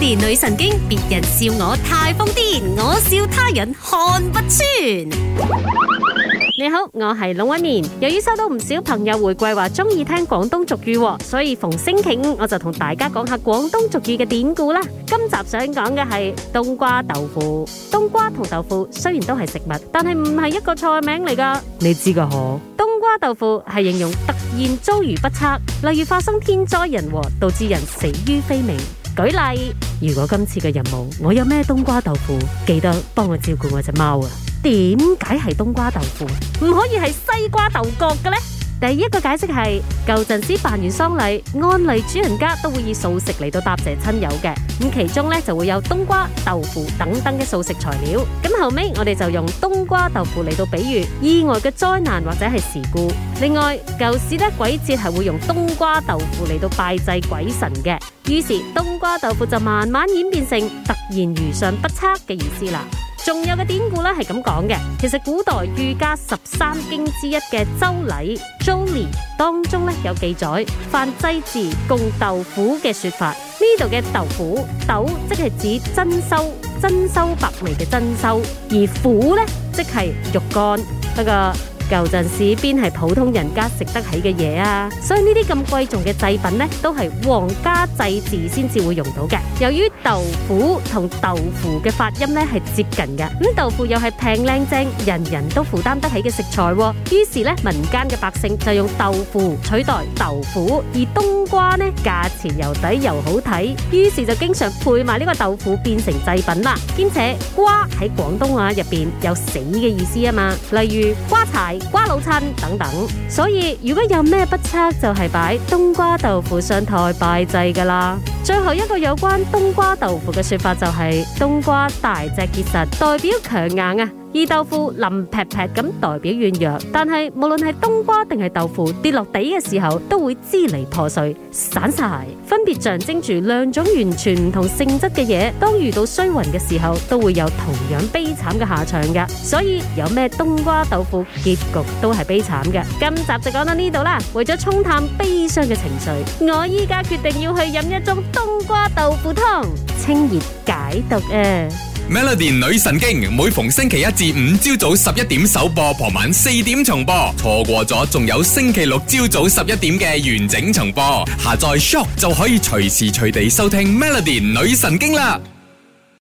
年女神經，別人笑我太瘋癲，我笑他人看不穿。你好，我係龍紋敏。由於收到唔少朋友回饋，話鍾意聽廣東俗語，所以逢星期五我就同大家講下廣東俗語嘅典故啦。今集想講嘅係冬瓜豆腐。冬瓜同豆腐雖然都係食物，但係唔係一個菜名嚟噶。你知噶嗬？冬瓜豆腐係形容突然遭遇不測，例如發生天災人禍，導致人死於非命。舉例，如果今次嘅任務，我有咩冬瓜豆腐，記得幫我照顧我隻貓啊！點解係冬瓜豆腐，唔可以係西瓜豆角嘅呢？第一個解釋係舊陣時辦完喪禮，按例主人家都會以素食嚟到答謝親友嘅，咁其中咧就會有冬瓜、豆腐等等嘅素食材料。咁後尾我哋就用冬瓜豆腐嚟到比喻意外嘅災難或者係事故。另外舊時咧，鬼節係會用冬瓜豆腐嚟到拜祭鬼神嘅，於是冬瓜豆腐就慢慢演變成突然遇上不測嘅意思啦。仲有個典故咧係咁講嘅，其實古代儒家十三經之一嘅《周禮》《周禮》當中呢有記載，范西字共豆腐嘅說法。呢度嘅豆腐豆即係指珍饈，珍饈白味嘅珍饈；而腐呢，即係肉乾一、那個。舊陣時邊係普通人家食得起嘅嘢啊？所以呢啲咁貴重嘅祭品呢，都係皇家祭祀先至會用到嘅。由於豆腐同豆腐嘅發音呢係接近嘅，咁、嗯、豆腐又係平靚正，人人都負擔得起嘅食材，啊，於是呢民間嘅百姓就用豆腐取代豆腐，而冬瓜呢，價錢又抵又好睇，於是就經常配埋呢個豆腐變成祭品啦。兼且瓜喺廣東話入邊有死嘅意思啊嘛，例如瓜柴。瓜老襯等等，所以如果有咩不測，就係、是、擺冬瓜豆腐上台拜祭噶啦。最後一個有關冬瓜豆腐嘅說法就係、是、冬瓜大隻結實，代表強硬啊；而豆腐腍劈劈咁，代表軟弱。但係無論係冬瓜定係豆腐，跌落地嘅時候都會支離破碎散晒，分別象徵住兩種完全唔同性質嘅嘢，當遇到衰運嘅時候，都會有同樣悲慘嘅下場㗎。所以有咩冬瓜豆腐，結局都係悲慘嘅。今集就講到呢度啦。為咗沖淡悲傷嘅情緒，我依家決定要去飲一盅。冬瓜豆腐湯，清熱解毒啊！Melody 女神經，每逢星期一至五朝早十一點首播，傍晚四點重播，錯過咗仲有星期六朝早十一點嘅完整重播。下載 Shop 就可以隨時隨地收聽 Melody 女神經啦！